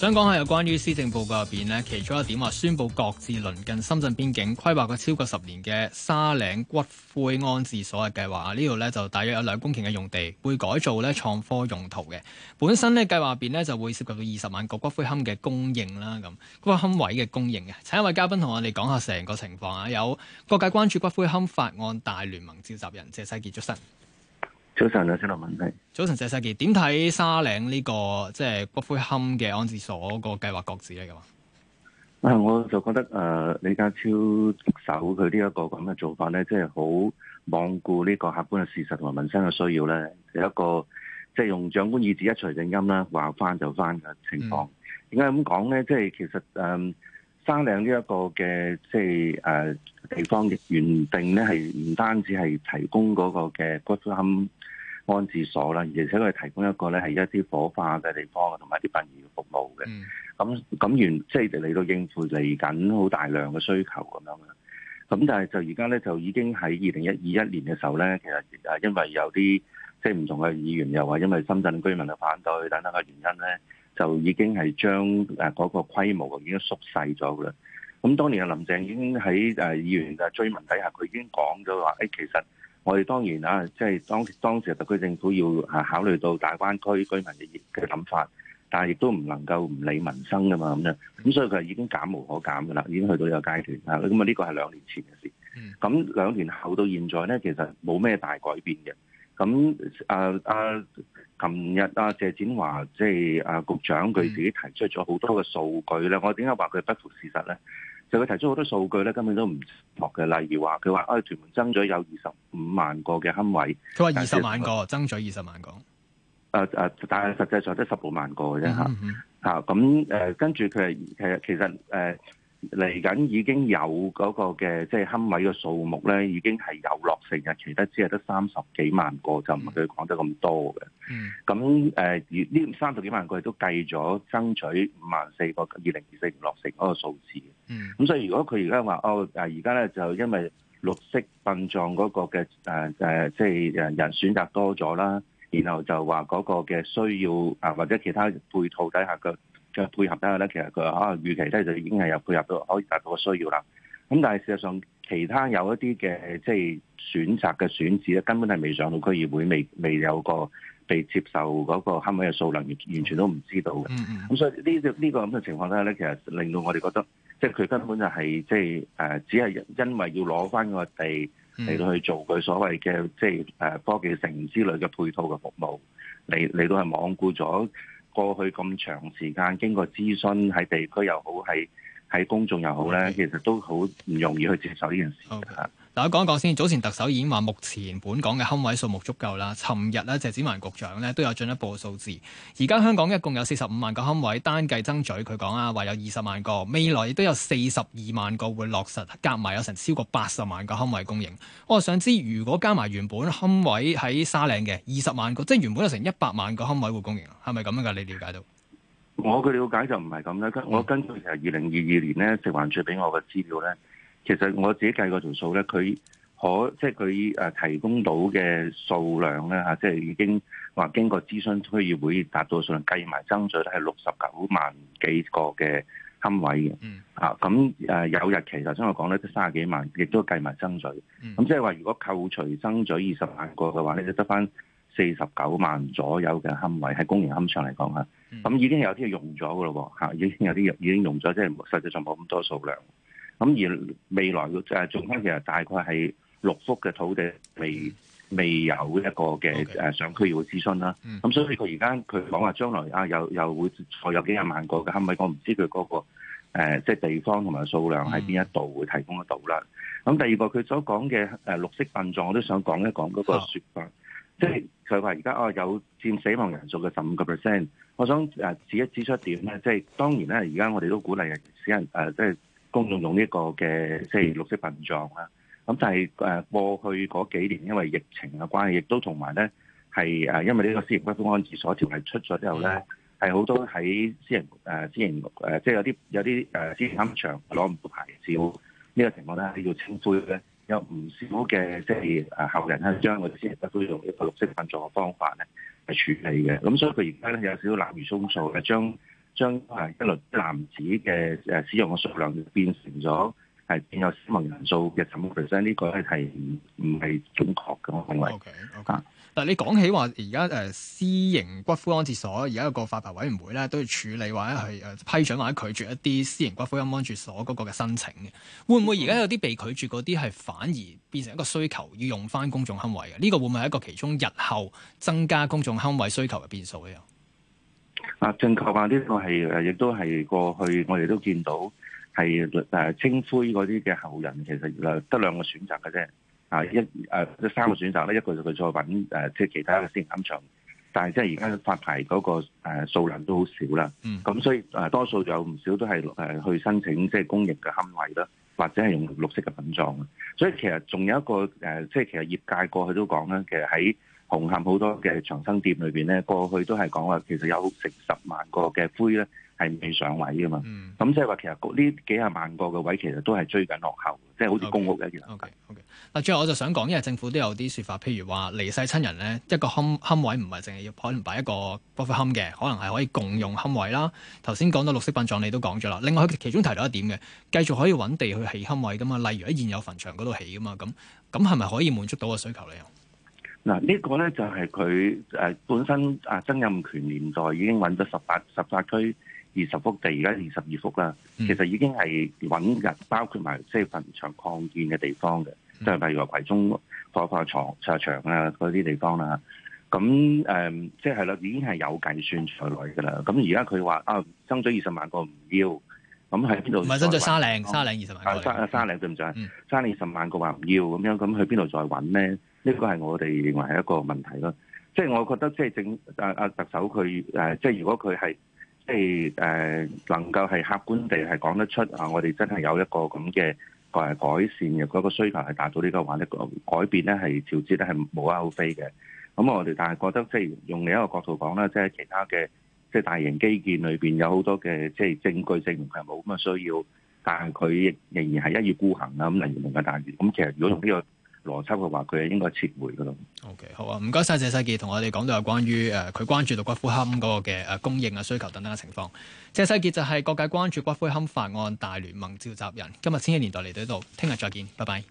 想講下有關於施政報告入邊呢其中一點話宣佈各自鄰近深圳邊境規劃過超過十年嘅沙嶺骨灰安置所嘅計劃，呢度呢，就大約有兩公頃嘅用地，會改造咧創科用途嘅。本身咧計劃入邊呢，就會涉及到二十萬個骨灰龕嘅供應啦，咁骨灰龕位嘅供應嘅。請一位嘉賓同我哋講下成個情況啊！有各界關注骨灰龕法案大聯盟召集人謝世傑出席。早晨，劉少文兄。早晨，謝世傑，點睇沙嶺，這個就是，呢個即係骨灰龕嘅安置所個計劃擱置咧？咁啊，我就覺得誒、呃，李家超接手佢呢一個咁嘅做法咧，即係好罔顧呢個客觀嘅事實同埋民生嘅需要咧，有，就是，一個即係，就是，用長官意志一錘定音啦，話翻就翻嘅情況。點解咁講咧？即係、就是，其實誒，沙嶺呢一個嘅即係誒。就是呃地方嘅原定咧，係唔單止係提供嗰個嘅骨灰安置所啦，而且佢提供一個咧，係一啲火化嘅地方，同埋一啲殯儀服務嘅。咁咁原即係嚟到應付嚟緊好大量嘅需求咁樣啦。咁但係就而家咧，就已經喺二零二一年嘅時候咧，其實啊，因為有啲即係唔同嘅議員又話，因為深圳居民嘅反對等等嘅原因咧，就已經係將誒嗰個規模已經縮細咗啦。咁當年啊，林鄭已經喺誒議員嘅追問底下，佢已經講咗話：，誒其實我哋當然啊，即係當當時特區政府要啊考慮到大灣區居民嘅嘅諗法，但係亦都唔能夠唔理民生噶嘛，咁樣。咁所以佢已經減無可減噶啦，已經去到呢個階段啊。咁啊，呢個係兩年前嘅事。咁兩年後到現在咧，其實冇咩大改變嘅。咁啊啊，琴日啊謝展華即係啊局長佢自己提出咗好多嘅數據咧，嗯、我點解話佢不符事實咧？就佢提出好多數據呢，根本都唔妥嘅。例如話，佢、哎、話：，唉，屯門增咗、呃、有二十五萬個嘅龕位，佢話二十萬個爭取二十萬個。但係實際上得十五萬個嘅啫。咁跟住佢其實嚟緊、呃、已經有嗰個嘅即係龕位嘅數目呢，已經係有落成嘅。其他只係得三十幾萬個，就唔係佢講得咁多嘅。咁誒呢三十幾萬個，亦都計咗爭取五萬四個二零二四落成嗰個數字。嗯，咁所以如果佢而家話哦，誒而家咧就因為綠色殯葬嗰個嘅誒誒，即、啊、係、就是、人選擇多咗啦，然後就話嗰個嘅需要啊，或者其他配套底下嘅嘅配合底下咧，其實佢可能預期咧就已經係有配合到可以達到個需要啦。咁、嗯、但係事實上，其他有一啲嘅即係選擇嘅選址咧，根本係未上到區議會，未未有個被接受嗰個合唔合理嘅數量，完完全都唔知道嘅。咁、嗯嗯、所以呢、呢個呢、呢個咁嘅情況底下咧，其實令到我哋覺得。即係佢根本就係即係誒，只係因為要攞翻個地嚟到去做佢所謂嘅即係誒科技城之類嘅配套嘅服務，嚟嚟到係罔顧咗過去咁長時間經過諮詢，喺地區又好，係喺公眾又好咧，的其實都好唔容易去接受呢件事嘅。大家講一講先。早前特首已經話，目前本港嘅龕位數目足夠啦。尋日呢，謝展寰局長咧都有進一步嘅數字。而家香港一共有四十五萬個龕位，單計爭取，佢講啊，話有二十萬個，未來亦都有四十二萬個會落實，加埋有成超過八十萬個龕位供應。我想知道，如果加埋原本龕位喺沙嶺嘅二十萬個，即係原本有成一百萬個龕位會供應，係咪咁樣㗎？你了解到？我嘅了解就唔係咁啦。我根據係二零二二年呢，食環署俾我嘅資料呢。其實我自己計過條數咧，佢可即係佢誒提供到嘅數量咧吓，即係已經話經過諮詢區議會達到數量，計埋爭取咧係六十九萬幾個嘅龕位嘅。嗯。咁誒、啊呃、有日期，頭先我講咧都三十幾萬，亦都計埋爭取。咁、嗯、即係話，如果扣除爭取二十萬個嘅話，你就得返四十九萬左右嘅龕位，喺公營龕上嚟講吓。咁、嗯啊、已經有啲用咗噶咯喎，吓已經有啲已經用咗，即係實際上冇咁多數量。咁而未來嘅誒仲翻，呃、其實大概係六幅嘅土地未未有一個嘅 Okay.、呃、上區要諮詢啦。咁、mm. 嗯、所以佢而家佢講話將來啊，又又會再有幾廿萬個嘅，係咪？我唔知佢嗰、那個、呃、即地方同埋數量喺邊一度會提供得到啦。咁、嗯、第二個佢所講嘅誒綠色殯葬，我都想講一講嗰個說法，oh. 即係佢話而家哦有佔死亡人數嘅十五個 percent。我想誒、呃、指一指出點點咧，即係當然咧，而家我哋都鼓勵人人即，、呃即公眾用呢個嘅即係綠色殯葬啦，咁但係誒過去嗰幾年，因為疫情嘅關係也，亦都同埋咧係誒因為呢個私營骨灰安置所條例出咗之後咧，係好多喺私營誒、啊、私營誒、啊、即係有啲有啲誒龕場攞唔到牌照呢、這個情況咧，要清灰咧，有唔少嘅即係後人咧將我哋私人骨灰用一個綠色殯葬嘅方法咧係處理嘅，咁所以佢而家咧有少少濫竽充數嘅將。將誒一律男子嘅誒使用嘅數量變成咗係變有死亡人數嘅百分比，呢、這個咧係唔唔係正確嘅？因為嗱，okay, okay. 你講起話而家誒私營骨灰安置所，而家個發牌委員會咧都要處理，或者係誒批准或者拒絕一啲私營骨灰安置所嗰個嘅申請嘅，會唔會而家有啲被拒絕嗰啲係反而變成一個需求要用翻公眾坑位嘅？呢、這個會唔會係一個其中日後增加公眾坑位需求嘅變數咧？啊，正確話呢、呢個係誒，亦都係過去我哋都見到係誒青灰嗰啲嘅後人，其實誒得兩個選擇嘅啫。啊，一誒即三個選擇咧，一個就佢再揾，誒即其他嘅先龕場，但係即係而家發牌嗰個誒數量都好少啦。咁、嗯、所以誒多數有唔少都係誒去申請即公營嘅龕位啦，或者係用綠色嘅殯葬。所以其實仲有一個誒，即其實業界過去都講咧，其實喺，紅磡好多嘅長生店裏面咧，過去都係講話其實有成十萬個嘅灰咧係未上位㗎嘛。咁即係話其實呢幾廿萬個嘅位其實都係追緊落後，即係好似公屋一樣。O K O K 嗱，okay, okay, okay. 最後我就想講，因為政府都有啲說法，譬如話離世親人咧一個龕位唔係淨係要可能擺一個骨灰龕嘅，可能係可以共用龕位啦。頭先講到綠色殯葬你都講咗啦，另外其中提到一點嘅，繼續可以揾地去起龕位噶嘛，例如喺現有墳場嗰度起噶嘛，咁咁係咪可以滿足到個需求咧？嗱，呢個咧就係佢誒本身啊，曾蔭權年代已經揾咗十八十八區二十幅地，而家二十二幅啦。其實已經係揾緊，包括埋即係墳場擴建嘅地方嘅，即係例如話葵涌、火貨場、車場啊嗰啲地方啦。咁誒，即係啦，已經係有計算在內噶啦。咁而家佢話啊，爭咗二十萬個唔要，咁喺邊度？唔係爭咗沙嶺，沙嶺二十萬個。係、啊、沙啊沙嶺對唔對？嗯、沙嶺二十萬個話唔要，咁樣咁去邊度再揾咧？呢個係我哋認為係一個問題咯，即係我覺得即係政啊啊特首佢誒，即係如果佢係即係誒能夠係客觀地係講得出啊，我哋真係有一個咁嘅誒改善嘅嗰個需求係達到呢個話咧改改變咧係調節咧係無可厚非嘅。咁我哋但係覺得即係用另一個角度講啦，即係其他嘅即係大型基建裏邊有好多嘅即係證據證明係冇咁嘅需要，但係佢仍然係一意孤行啦。咁例如明日大嶼，咁其實如果用呢個。邏輯嘅話，佢係應該撤回噶咯。O、okay, K，好啊，唔該晒謝世傑同我哋講到有關於誒，佢、呃、關注到骨灰龕嗰個嘅誒、啊、供應啊、需求等等嘅情況。謝世傑就係各界關注骨灰龕法案大聯盟召集人。今日千禧年代嚟到呢度，聽日再見，拜拜。